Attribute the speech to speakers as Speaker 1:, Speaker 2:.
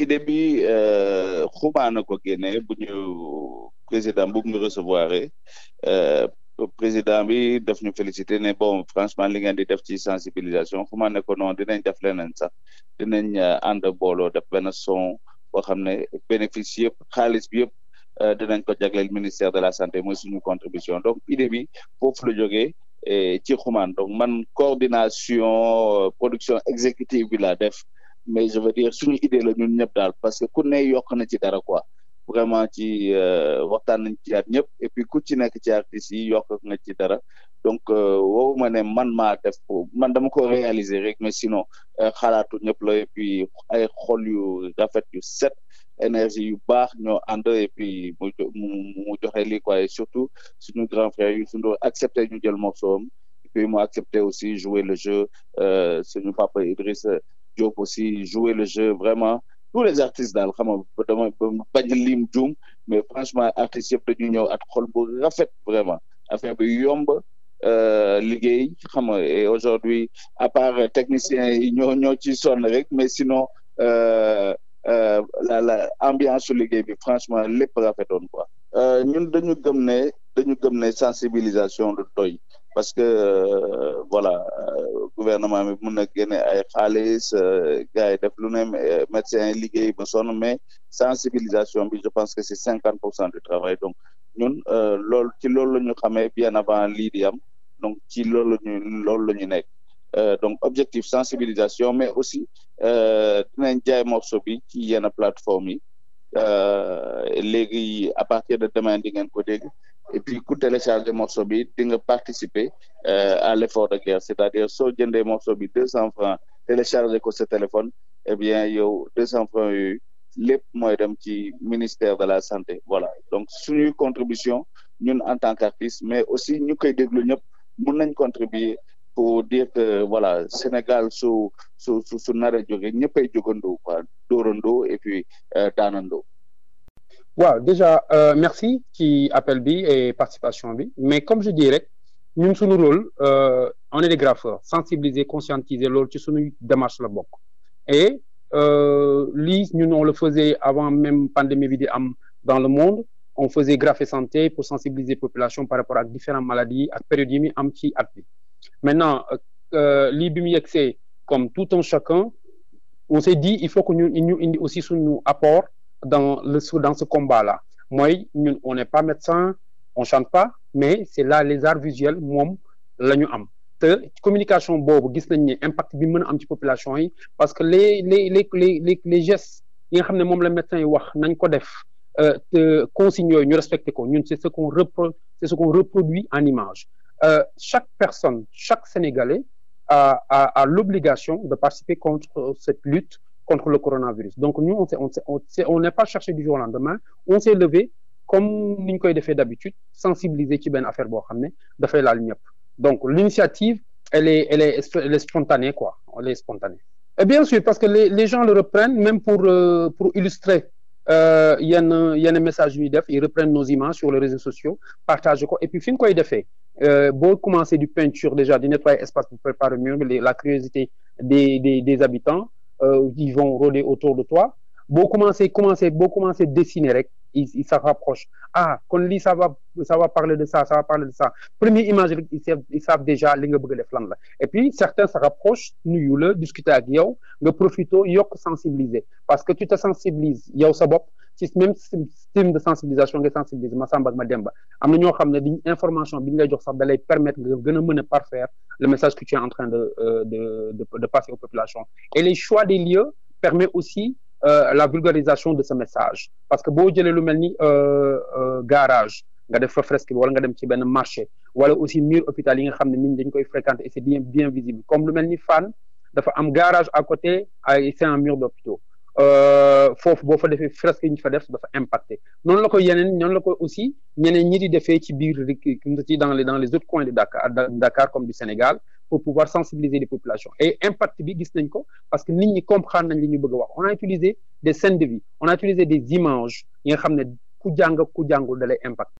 Speaker 1: idée bi euh, xumaana ko génne bu ñu président bu ñu recevoir euh, président bi daf ñu félicité ne bon franchement li di def ci sensibilisation xumaana ko non dinañ def leneen sax dinañ euh, ànd booloo def benn son boo xam ne bénéfice yëpp xaalis bi yëpp dinañ ko jagleel ministère de la santé mooy suñu contribution donc idée bi foofu la jógee ci xumaan donc man coordination production exécutive bi laa def mais je veux dire suñu idée la ñun ñëpp daal parce que ku ne yokk na ci dara quoi vraiment ci euh, waxtaan nañ ci at ñëpp et ku ci nekk ci artistes yi yokk nga ci dara donc euh, woowu ma ne man maa def ko man dama ko réaliser rek mais sinon euh, xalaatu ñëpp la et ay xol yu rafet yu set énergie yu baax ñoo ànd et puis mu mu joxe lii quoi et surtout suñu grand frère Youssou Ndour accepté ñu jël morceau am et puis mu accepté aussi jouer le jeu suñu papa Idriss Diop si jouer le jeu vraiment tous les artistes daal xam nga dama bañ a lim juum mais franchement artistes yëpp dañu ñëw ak xol bu rafet vraiment affaire bi yomb euh, liggéey xam nga et aujourd'hui à part techniciens yi ñoo ñoo ci sonn rek mais sinon euh, euh, la la ambiance su liggéey bi franchement lépp rafetoon quoi. ñun dañu gëm ne dañu gëm ne sensibilisation de doy parce que voilà gouvernement bi mun na génne ay xaalis euh, gars yi def lu ne euh, médecin yi liggéey ba sonn mais sensibilisation bi je pense que c'est cinquante pour cent du travail donc ñun euh, loolu ci loolu la ñu xamee bien avant lii di am donc ci loolu la loolu la ñu nekk donc objectif sensibilisation mais aussi dinañ jaay morceau bi ci yenn plateforme yi léegi à partir de demain di ngeen ko dégg et puis ku télécharger morceau bi di nga participer euh, à l'effort de guerre c'est-à-dire soo jëndee morceau bi deux cent francs télécharger ko sa téléphone et eh bien yow deux cent francs yooyu lépp mooy dem ci ministère de la santé voilà donc suñuy contribution ñun en tant qu'artiste mais aussi ñu koy déglu ñëpp mun nañ contribuer pour dire que voilà Sénégal su su su su nar a jóge ñëppay jógandoo quoi dóorandoo et puis euh, daanandoo
Speaker 2: waaw déjà euh, merci ci appel bi et participation bi mais comme je dis rek ñun suñu rôle euh, on est des graffeurs sensibiliser conscientiser loolu ci suñuy démarche la bokk et euh, lii ñun on le faisait avant même pandémie bi di am dans le monde on faisait Graffé santé pour sensibiliser population par rapport ak différentes maladies ak période yi mi am ci at bi maintenant euh, lii bi mu yegsee comme tout un chacun on s'est dit il faut que ñu ñu indi aussi suñu apport dans le dans ce combat là mooy ñun on n'est pas médecin on chante pas mais c'est là les arts visuels moom la ñu am te communication boobu gis nañ ne impact bi mën a am ci population yi parce que les les les les les gestes yi nga xam ne moom la médecin yi wax nañ ko def euh, te consignes yooyu ñu respecté ko ñun c'est ce qu'on repro c'est ce reproduit en image euh, chaque personne chaque Sénégalais a a a l'obligation de participer contre cette lutte contre le coronavirus donc nous on s'est on s'est n'est pas cherché du lendemain on s'est levé comme ni ñu koy defee d'habitude sensibiliser ci benn affaire boo xam ne dafay laal ñëpp donc l'initiative elle est elle est elle est spontanée quoi elle et bien sûr parce que les les gens le reprennent même pour euh, pour illustrer euh, yenn yenn message yu ñuy def ils reprennent nos images sur les réseaux sociaux partagent et puis fi nga koy defee euh, boo commencé du peinture déjà di nettoyer espace pour préparer mieux la curiosité des des des habitants Euh, ils vont rôder autour de toi boo commencé commencé boo commencé dessiner rek sa il s'en rapproche ah kon lii ça va ça va parler de ça ça va parler de image rek ils déjà li nga bëgg a def lan la et puis certains se rapprochent nuyu la discuter ak yow nga profito yokk sensibiliser parce que tu te sensibilises yow sa bopp ci même système de sensibilisation nga sensibiliser Massamba ma demba am na ñoo xam ne di information bi ñu lay jox sax da lay permettre nga gën a mën a parfaire le message que tu es en train de euh, de de de passer aux populations et les choix des lieux permet aussi euh, la vulgarisation de ce message parce que boo jëlee lu mel ni euh, garage nga def fa fresque bi wala nga dem ci benn marché wala aussi mur hôpital yi nga xam ne nit ñi dañ koy fréquenter et c'est bien bien visible comme lu mel ni Fann dafa am garage à côté ay c'est un mur Euh, foofu boo fa defee fresque yi ñu fa def dafa impacté noonu la ko yeneen noonu la ko aussi ñeneen ñi di defee ci biir ci dans les dans les autres coins de Dakar Dakar comme du Sénégal pour pouvoir sensibiliser les populations et impact bi gis nañ ko parce que nit ñi comprendre nañ li ñu bëgg wax on a utilisé des scènes de vie on a utilisé des images nga xam ne ku jàng ku jàngul dalay impact